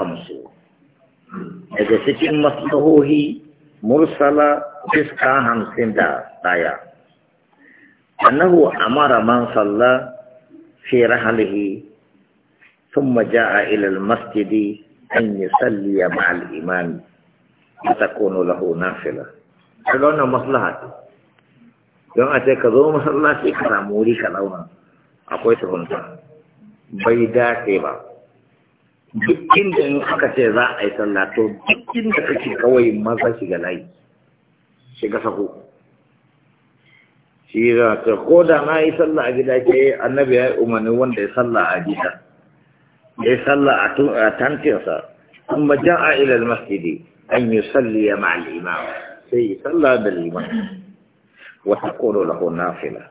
kansu daga cikin maslahohi mursala fiska hamsin da ɗaya annahu amara man salla fi rahalihi thumma jaa ila almasjidi an yusalli ma'a al-imam takunu lahu nafila kaga wannan maslaha don a ce ka zo masallaci ka samu wuri ka launa akwai tuhunta bai dace ba duk inda in aka ce za a yi sallah to duk inda kake kawai maza shiga layi shiga sako shi za ta ko da na yi sallah a gida ke annabi ya yi umarni wanda ya sallah a gida ya yi sallah a tantinsa an bajan a ilal masjidi an yi salli ya ma'alima sai yi sallah da liman wata kodo ko nafila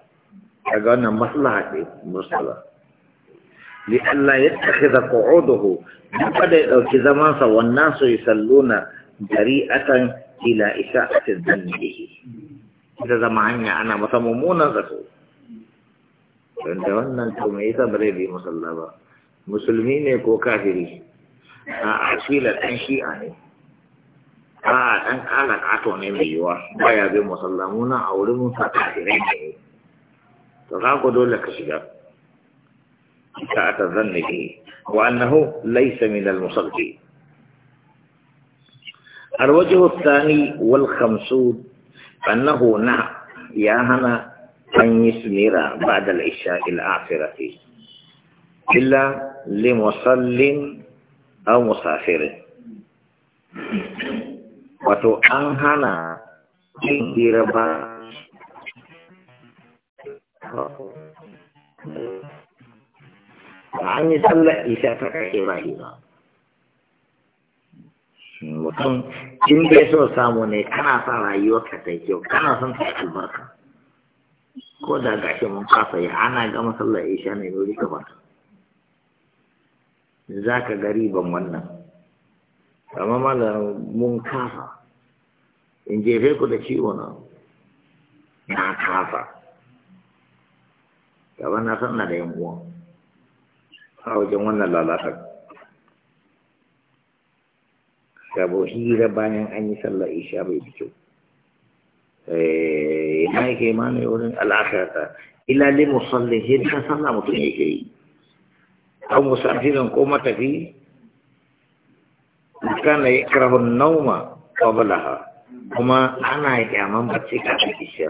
daga wannan maslaha ce musala لئلا يتخذ قعوده لقد يدعوك زمان والناس يصلون جريئة إلى إساءة الظن به إذا زمان أنا مصممون ذاته wanda wannan to me yasa bare bi musalla ba musulmi ne ko kafiri a asila dan shi'a ne a dan kala kato ne mai yiwa baya bi musalla muna a wurin mun sa kafirai to ka ko dole ka shiga ساعة الظن به وأنه ليس من المصلي الوجه الثاني والخمسون أنه نعم يا هنا أن يسمر بعد العشاء الآخرة إلا لمصل أو مسافر وتؤهنا an hana an yi sallar isha ta ƙarfe ba ba mutum in bai so samu ne kana sa rayuwar ka ta kyau kana son ta albarka ko da gashi mun kasa ya ana gama sallar isha ne wuri ba za ka ga ban wannan amma malam mun kasa in jefe ku da ciwo na na kasa gaba na san na da yan uwa a wajen wannan lalatar sabo hira bayan an yi sallar isha bai fi kyau na yake ma ne wurin al'akata ila li musallin shi ta sallah mutum yake yi an musafirin ko matafi kana yi karahun nauma qablaha kuma ana kyaman bacci kafin isha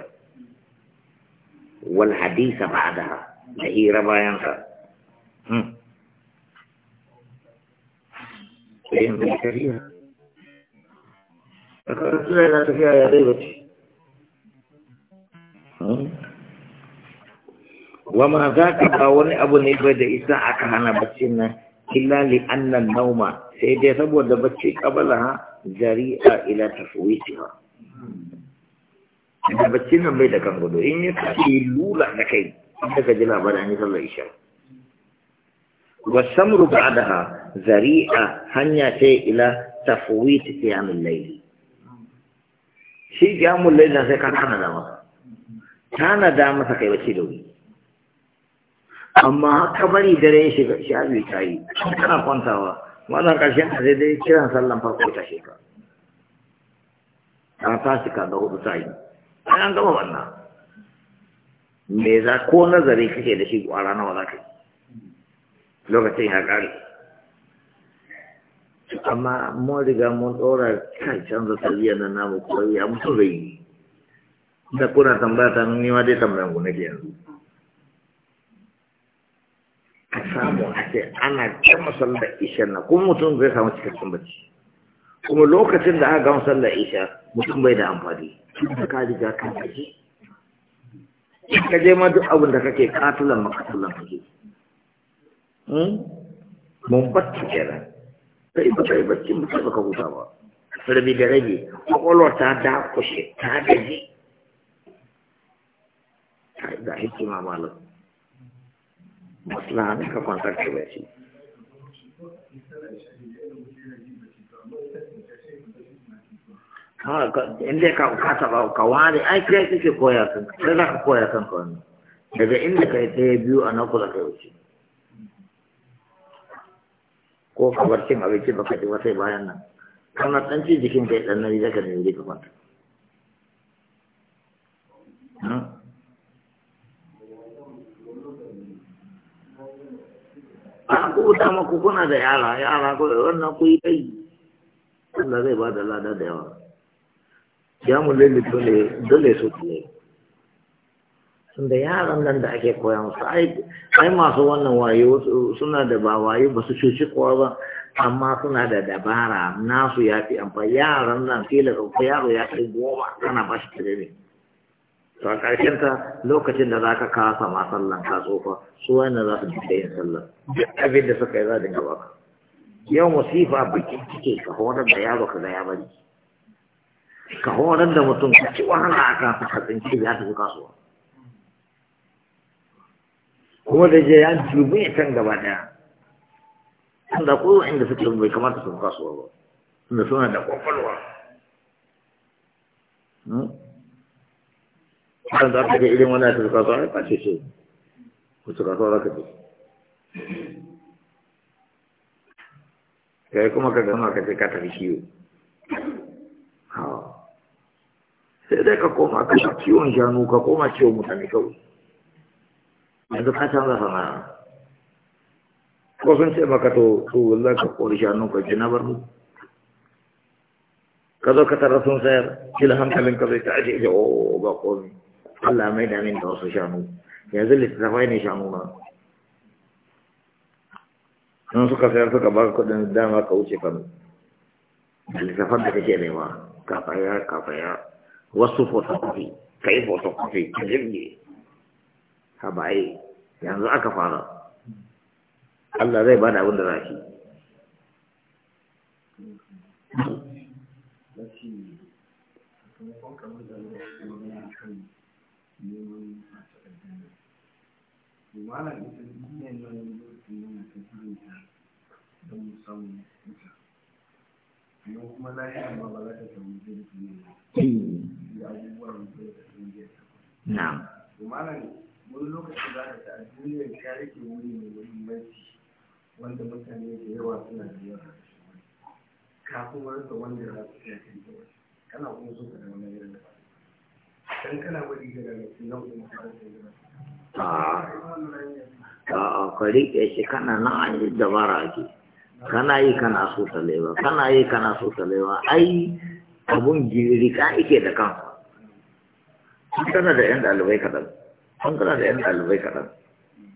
wal hadisa ba'daha da hira bayan sa sai mai shari'a a kan suna yana tafiya ya zai bace wa ma za ka ba wani abu ne bai da isa aka hana baccin nan illa li annan nauma sai dai saboda bacci kabala ha jari'a ila tafwitiha da baccin nan bai da kan gudu in ya kashi lula da kai in ka ji labarin ya sallar isha'i والسمر بعدها ذريعة هنيتي إلى تفويت قيام الليل شيء قيام الليل هذا كان أنا دامة كان da wuri. Amma أما كبري dare شيء شيء أبي شيء أنا كنت wannan ƙarshen a daidai kiran sallan farko ta shekara ta tashi ka ga hudu ta yi an gama wannan me za ko nazari kake da shi a ranar wa za lokacin ya ƙare, amma mun riga mun ɗora kai canza tarbiyyar na namu kawai ya mutu zai yi da kuna tambaya ta ni ma dai tambayan ku nake yanzu a samu a ce ana kan masallar isha na kuma mutum zai samu cikakken bacci kuma lokacin da aka gama sallar isha mutum bai da amfani tun da ka riga kan kaje ka je ma duk abin da kake katulan makatulan kake Hmm? mun bacci kenan sai ba kai bacci mu sai baka huta ba rabi da rabi kwakwalwar ta da kushe ta gaji ga hikima malam maslaha ne ka kwantar da bacci inda ka kasa ba ka ware ai kai kake koya kan sai za ka koya kan kawai daga inda kai ɗaya biyu a nan kula kai wuce ko kabar cin abinci baka ji wasai bayan nan kana dan ci jikin kai dan nan zaka ne wuri kafa hmm? a ku dama ku kuna da yara yara ko wannan ku yi kai Allah zai ba da lada da yawa ya mu lalle dole dole su ne da yaran nan da ake koya musu ai masu wannan wayo suna da ba wayo ba su cuci kowa ba amma suna da dabara nasu ya fi amfa, yaran nan da ɗauka yaro ya kai goma kana ba shi ne. to a ƙarshen ta lokacin da za ka kasa ma sallan ka tsofa su za su ji da yin sallan abin da suka yi za dinga ba yau musifa baki kike ka horar da yaro ka ga ya bari ka horar da mutum ka ci wahala a kan sa ka tsinci ya tafi kasuwa kuma da je ya jube can gaba daya an da ko inda suke bai kamata su kasuwa ba da suna da kwakwalwa hmm? kan za ka ga irin wani ake suka ai ba ce ce ku su kasuwa za ka ce kai kuma ka gama ka ce ka tafi kiwo sai dai ka koma ka kiwon shanu ka koma kiwon mutane kawai yanzu ka canza sana'a ko sun ce maka to to wallahi ka kori shanu ka ji na bar mu ka zo ka tara sun sayar kila hankalin ka zai tashi ya o oh, ba komi Allah mai da min da wasu shanu yanzu littafai ne shanu na sun suka sayar suka baka kudin dama ka wuce kano littafan da kake nema ka faya ka faya wasu fotokofi ka yi fotokofi ka jirge habaye yanzu aka fara Allah zai bada abin da za shi Na'am. wani lokaci za ka ta a duniyar ta rike wuri mai muhimmanci wanda mutane da yawa suna da yawa kafin rasa wanda za su iya kai da wani kana kuma so ka da wani irin da dan kana wani da daga nan kuma ka rasa irin A'a, ka riƙe shi kana nan an yi dabara ake, kana yi kana so talewa, kana yi kana so talewa, ai abun jirika ike da kansa. Kana da ‘yan ɗalibai kaɗan. sun tana da 'yan ɗalibai kaɗan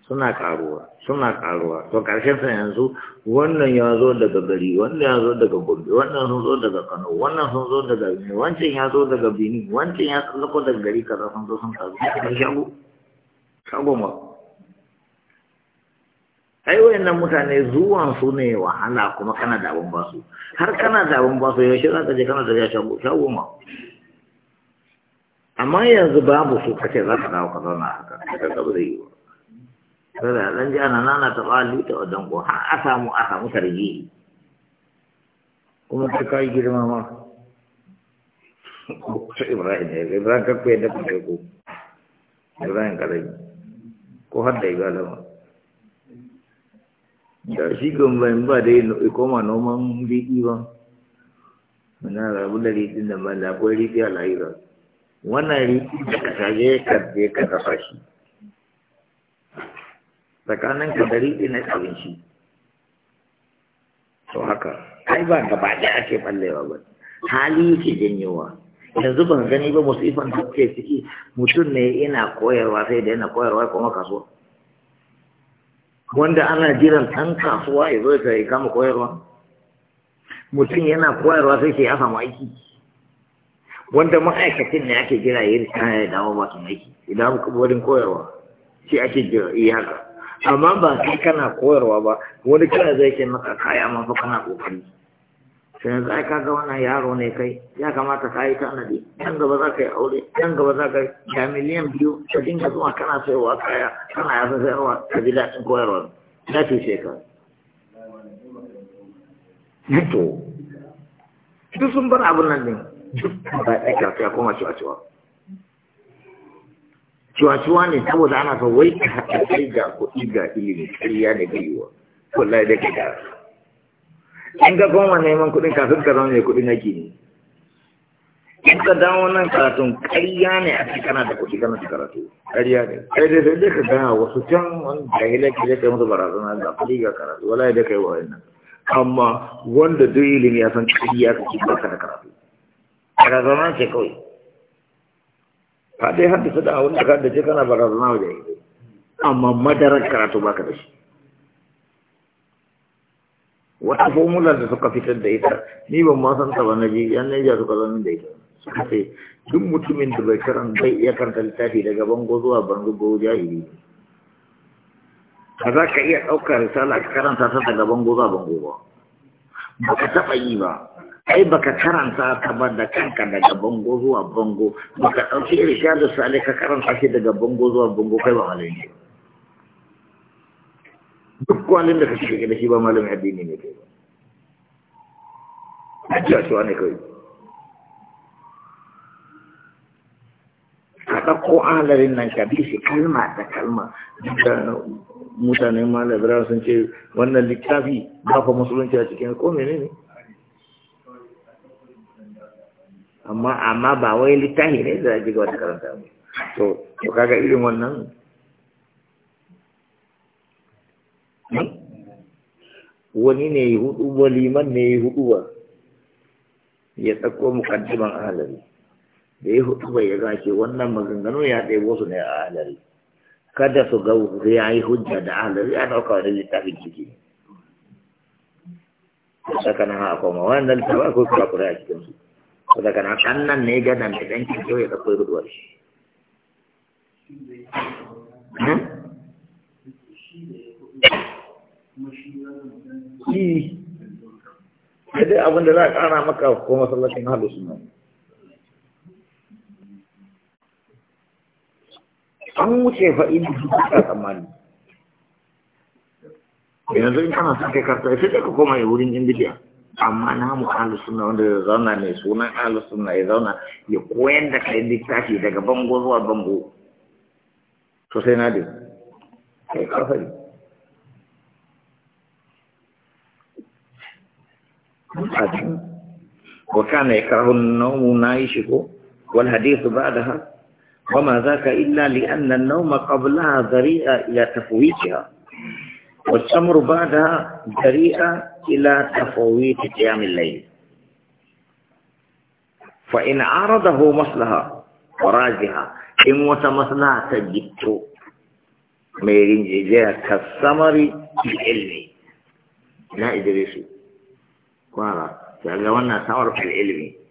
suna ƙaruwa suna ƙaruwa to ƙarshen sa yanzu wannan ya zo daga gari wannan ya zo daga gombe wannan sun zo daga kano wannan sun zo daga benin wancan ya zo daga benin wancan ya zo daga gari kaza sun zo sun taru da shago shago ma ai wayannan mutane zuwan su ne wahala kuma kana da abun su, har kana da abun su yaushe za ka je kana da shago shago ma amma yanzu babu su kace za ka dawo ka zauna haka ka gaba zai yi sai da zan ji ana nana ta bali ta wa ko har a samu a samu sarji kuma ta kai girma ma sai Ibrahim ne Ibrahim ka koyar da ku Ibrahim ka dai ko har da igalama da shi gumbayin ba dai koma noman riɗi ba muna rabu da riɗin da ba da akwai riɗi a lahira wannan riƙi da ka taje ka je ka dafa shi tsakanin ka da riƙi na abinci to haka ai ba gaba ɗaya ake ɓallewa ba hali yake janyewa yanzu ban gani ba musifan da ke ciki mutum ne ina koyarwa sai da yana koyarwa kuma kasuwa wanda ana jiran ɗan kasuwa ya zo ya kama koyarwa mutum yana koyarwa sai ke ya samu aiki wanda ma'aikacin ne ake jira yi kaya da dawo ba su aiki idan wurin koyarwa shi ake jira yi haka amma ba kai kana koyarwa ba wani kira zai ke maka kaya ma fa kana kokari sai yanzu ai kaga wannan yaro ne kai ya kamata ka yi tanadi nan gaba za ka yi aure nan gaba za ka ga miliyan biyu ka dinga zuwa kana sayarwa kaya kana yasa sayarwa ka ji daɗin koyarwa na fi shekaru to duk sun bar abin nan ne. ba ya karfi ya koma cuwa-cuwa cuwa-cuwa ne saboda ana fa wai ka haɗa kai ga kuɗi ga ilimi ƙarya da gaiwa kullai da ke da in ka koma neman kuɗin kafin ka zama mai kuɗin nake ne in ka dawo nan karatun ƙarya ne a cikin kana da kuɗi kana karatu ƙarya ne kai dai sai dai ka gaya wasu can wani jahilai ka je kai musu barazana ga kuɗi ga karatu wala da kai wa amma wanda duk ilimi ya san ƙarya ka ci ba ka da karatu barazana ce kawai ka dai su da abin da ce kana barazana wa yi amma madarar karatu ba ka da shi wata formula da suka fitar da ita ni ban ma san ta ba na ji yan naija suka zanen da ita suka ce duk mutumin da bai karan bai iya karanta littafi daga bango zuwa bango jahili Ka za ka iya ɗaukar risala ka karanta ta daga bango zuwa bango ba ba ka taɓa yi ba ai baka karanta ta ba da kanka daga bango zuwa bango baka ɗauki irshadu sale ka karanta shi daga bango zuwa bango kai ba malami duk kwalin da ka shiga da shi ba malami addini ne kai ba ajiya shi ne kai ka ɗauko alarin nan ka bi shi kalma da kalma mutane malam sun ce wannan littafi ba fa musulunci a cikin ko menene ne amma amma ba wai littafi ne da ji ga wata karanta ba to to kaga irin wannan hmm? wani ne yi hudu ba liman ne yi hudu ba ya tsakko mukaddiman ahalari da ya hudu ba ya gashi wannan maganganu ya ɗebo su ne a ahalari kada su ga ya yi hujja da ahalari Ya ɗauka wani littafin ciki sakanin haka kuma wannan littafin akwai kura a cikinsu ko daga nan kan nan ne gadan da dan ki ya da koyi guduwar hmm? shi shi dai abin da za a ƙara maka ko masallacin halu suna an wuce fa'in da tsammani yanzu in kana sa kai karta sai ka koma wurin indiya amma namu ahlus sunna wanda ya zauna mai sunan Alisuna sunna ya zauna ya koyar da kai littafi daga bango zuwa bango to sai na dai kai kafari وكان يكره النوم نايشه والحديث بعدها وما ذاك إلا لأن النوم قبلها ذريعة إلى تفويتها والتمر بعدها جريئة إلى تفويت قيام الليل فإن عرضه مصلحة وراجها إن متمصلحة تجدت ميرين جيجيها كالثمر العلم لا إدريسي قال قال لو ثمر في العلمي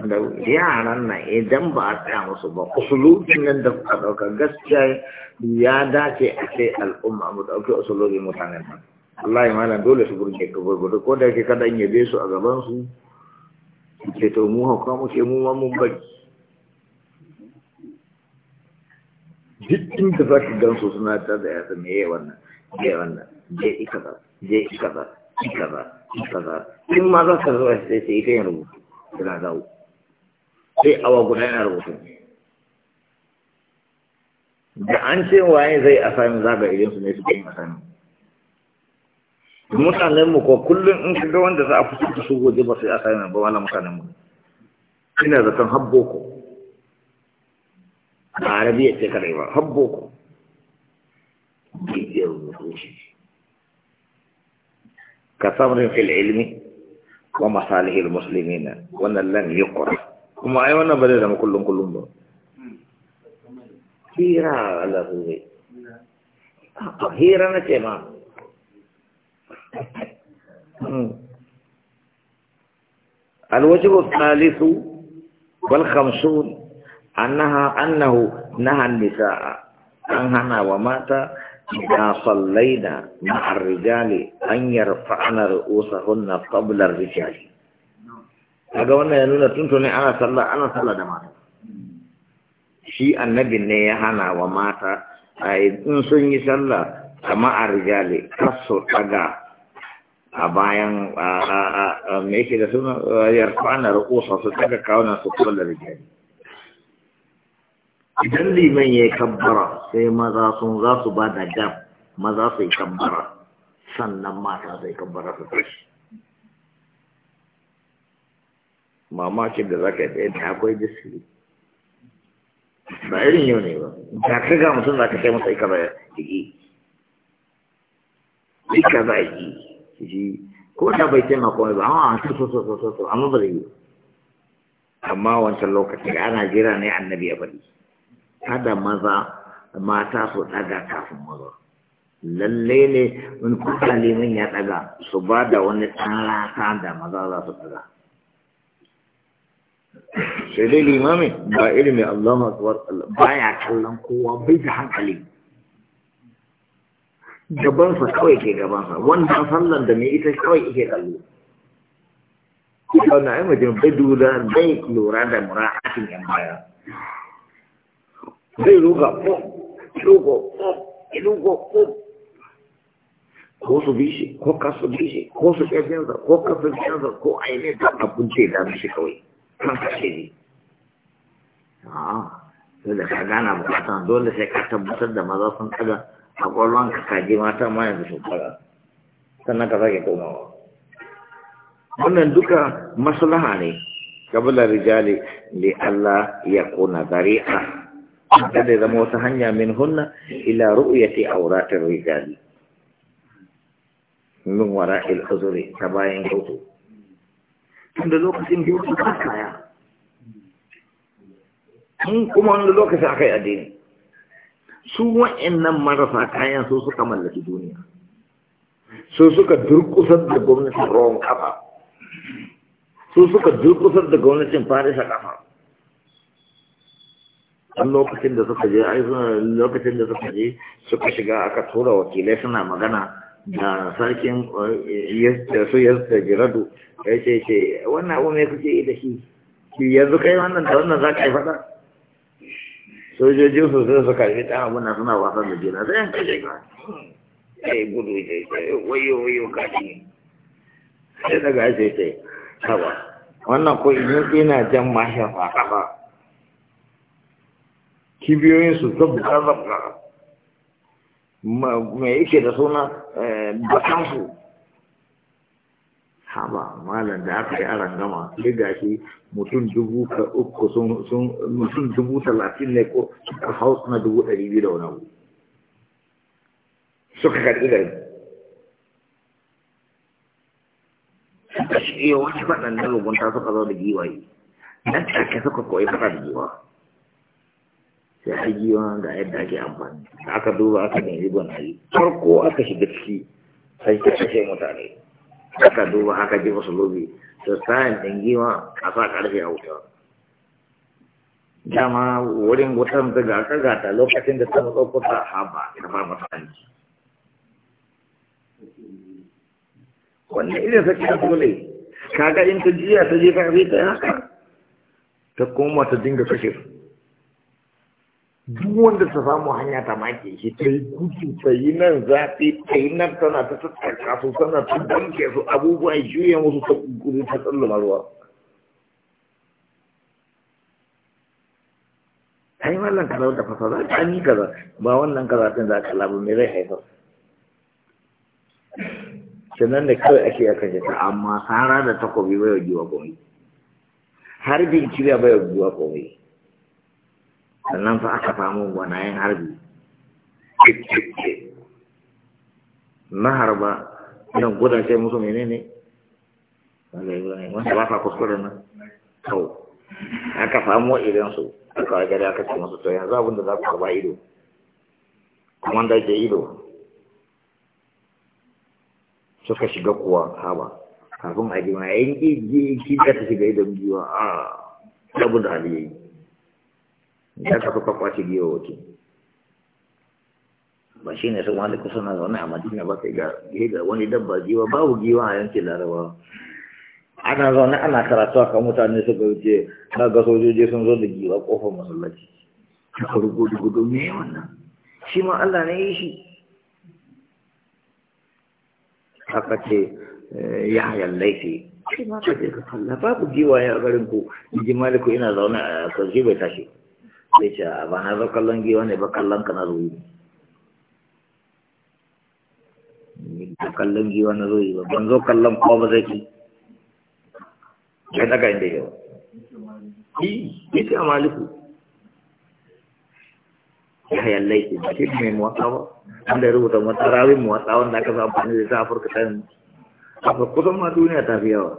da yaran nan idan ba a tsaya musu ba usulogin nan da kuka ɗauka gaskiya ya dace a ce al'umma mu ɗauki usulogin mutanen nan Allah ya mana dole su burge ka gurgudu ko da yake kada in yabe su a gaban su ke to mu hauka mu ce mu ma mun bari duk inda za ka gan su suna ta da yasa me ya wannan je wannan je ba je ba ika ba in ma za ka zo sai sai ita yin rubutu suna zawo sai awa guda yana rubutu da an ce waye zai asami zaga idan su ne suke yin asami mutanen mu ko kullum in kaga wanda za a fito da su goje ba sai asami ba wala mutanen mu ina zaton habbo ko a arabiya ce kadai ba habbo ko bidiyar rubutu ka samrin fil ilmi wa masalihil muslimina wannan lan yuqra kuma ai wannan ba zai zama kullum kullum ba hmm. hira ala zai hira na ce ma الوجه الثالث والخمسون أنها أنه نهى النساء أنهنا ومات إذا صلينا مع الرجال أن يرفعن رؤوسهن قبل الرجال kaga wannan ya nuna tun ana sallah ana sallah da mata shi annabin ne ya hana wa mata a in sun yi sallah kama a rijali kasu daga a bayan me yake da suna yarfana rukusa su daga kawunan su kula da rijali idan liman ya kabbara sai maza sun za su ba da gam maza su yi kabbara sannan mata su kabbara su tashi mamakin da za ka yi da akwai diski ba irin yau ne ba da ka ga mutum za ka kai masa ya ba jiki ika ba jiki shi ko da bai taimako ba amma ah, an so so so so so amma ba zai yi amma wancan lokaci ana jira ne annabi ya faɗi kada maza mata su ɗaga kafin maza lalle ne in kuka liman ya ɗaga su ba da wani ɗan rasa da maza za su ɗaga sai dai limamin ba irin mai Allah akbar ba ya kallon kowa bai da hankali gabansa kawai ke gabansa wanda sallan da mai ita kawai ke kallo kawai na yi mutum bai dula bai lura da mura mura'atin yan baya zai ruga ko oh, rugo oh, ko rugo oh. ko ko su bi shi ko kasu bi shi ko su ƙarfinsa ko kasu ƙarfinsa ko ainihin abin ce da shi kawai kan kashe ne sai da ka gana bukatan dole sai ka tabbatar da maza sun ɗaga a ƙwallon ka kaji mata ma yanzu sannan ka sake komawa wannan duka maslaha ne kabilar rijali li Allah ya kuna zari'a kada zama wata hanya min hunna ila ru'yati auratir rijali min wara'il uzuri ta bayan gautu. wanda lokacin doki ba kaya in kuma wanda lokacin aka yi addini su wa'annan marasa kayan su suka mallaki duniya su suka durkusar da gwamnatin rawan kafa su suka durkusar da gwamnatin faris a kafa a lokacin da suka je lokacin da suka je suka shiga aka tura wakilai suna magana Eh, da sarkin su da jiradu ya ce ce wannan abu mai kuke yi da shi shi yanzu kai wannan da wannan za ka yi fada sojojin su sai su karfi ta abu na suna wasan da jina sai yanka shi ka yi gudu ya ce eh, wayo wayo kashi sai daga ce ce haba wannan ko in na jan mashin fa kibiyoyin su zabba zabba me yake da suna eh, bakansu haba malam da aka yi aran gama sai shi mutum dubu ka uku sun mutum dubu talatin ne ko suka hau na dubu ɗari biyu da wani abu suka karɓi gari suka shirya wani faɗan na rugunta suka zo da giwaye nan take suka koyi faɗa da giwa sai a yi ga yadda ake amfani aka duba aka nemi gwanaye farko aka shiga ciki sai ka kashe mutane aka duba aka ji masu lobi sai sayan ɗin giwa a sa ƙarfe a wuta dama wurin wutan ga aka gata lokacin da ta matsa kuta haba ta fara masa hanci wannan irin sa kira dole kaga in ta jiya ta je ta haka ta koma ta dinga kashe su duk wanda ta samu hanya ta make shi ta yi gudu ta yi nan zafi ta yi nan tana ta tattaka su tana ta danke su abubuwa juya musu ta gudu ta tsallama ruwa ta yi wannan kaza da fasa za ta yi kaza ba wannan kaza ɗin za ka labu mai zai haifar sannan da kawai ake a kashe ta amma sara da takobi bai wa giwa komai har bincike bai wa giwa komai sannan fa aka samu gwanayen harbi Na harba nan sai musu ne wanda ba sa kuskure na kau aka samu idan su aka wa gari aka ce musu to yanzu abin da za ku karba ido kuma da ke ido suka shiga kuwa haba kafin a jima yanki ji ki ta shiga idon biyu a saboda aliyayi da ka suka kwace giyowoki ba shi ne wani kusa na zaune a madina ba sai ga wani dabba giwa babu giwa a yankin laraba ana zaune ana karatu a kan mutane ga wuce na ga sojoji sun zo da giwa kofar masallaci suka rubuta gudu me wannan shi ma Allah ne yi shi haka ce eh, ya hayar laifi shi ma ka ce ka kalla babu giwa ya garin ku ji maliku ina zaune a kan shi bai tashi sai ce ba na zo kallon giwa ne ba kallon ka na zo ba kallon giwa na zo yi ba ban zo kallon kowa ba zai ki ya daga inda yau ce a maliku ya yallai ce ba shi mai motsa ba wanda ya rubuta motsa rawin motsa wanda aka sa amfani da ta afirka ta yanzu afirka kusan ma duniya ta fi yawa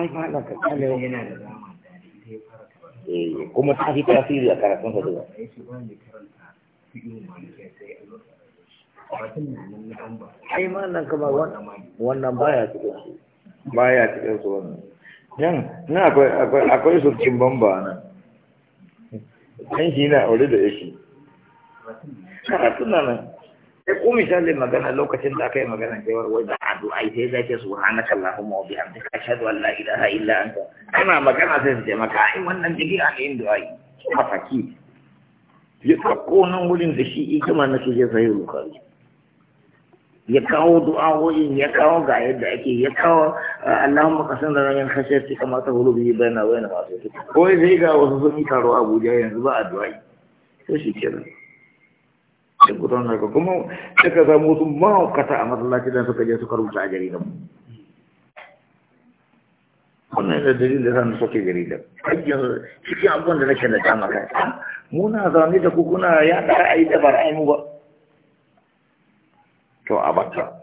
an malam ka kalle yana da zama eh, kuma ta fi tasiri a karatun da zuwa ai malam ka ba wannan baya cikin su baya cikin su wannan yan na akwai akwai akwai su cikin bamba nan dan shi na aure da yake karatun nan sai ko misali magana lokacin da aka yi magana cewar wai da addu'a sai zai ce subhanaka allahumma wa bihamdika ashhadu an la ilaha illa anta kana magana sai su ce maka ai wannan bid'a a yin du'a mafaki ya ɗauko nan wurin da shi ikima na suje sai bukari ya kawo du'a du'a'o'in ya kawo ga yadda ake ya kawo ah, Allahumma da lana min khashyatik kama tahulu bihi bainana wa bain ma'asiyatik ko sai ga wasu sun taro Abuja yanzu ba addu'a to shi kenan sai gudanar ka kuma suka samu wasu mahaukata a masallaci don suka je suka rubuta a jaridan wannan da dalilin da na soke jaridan ayyan cikin abubuwan da nake da dama kai ah, muna zaune da ku ya da ra'ayi da ba ra'ayi mu ba to a bakka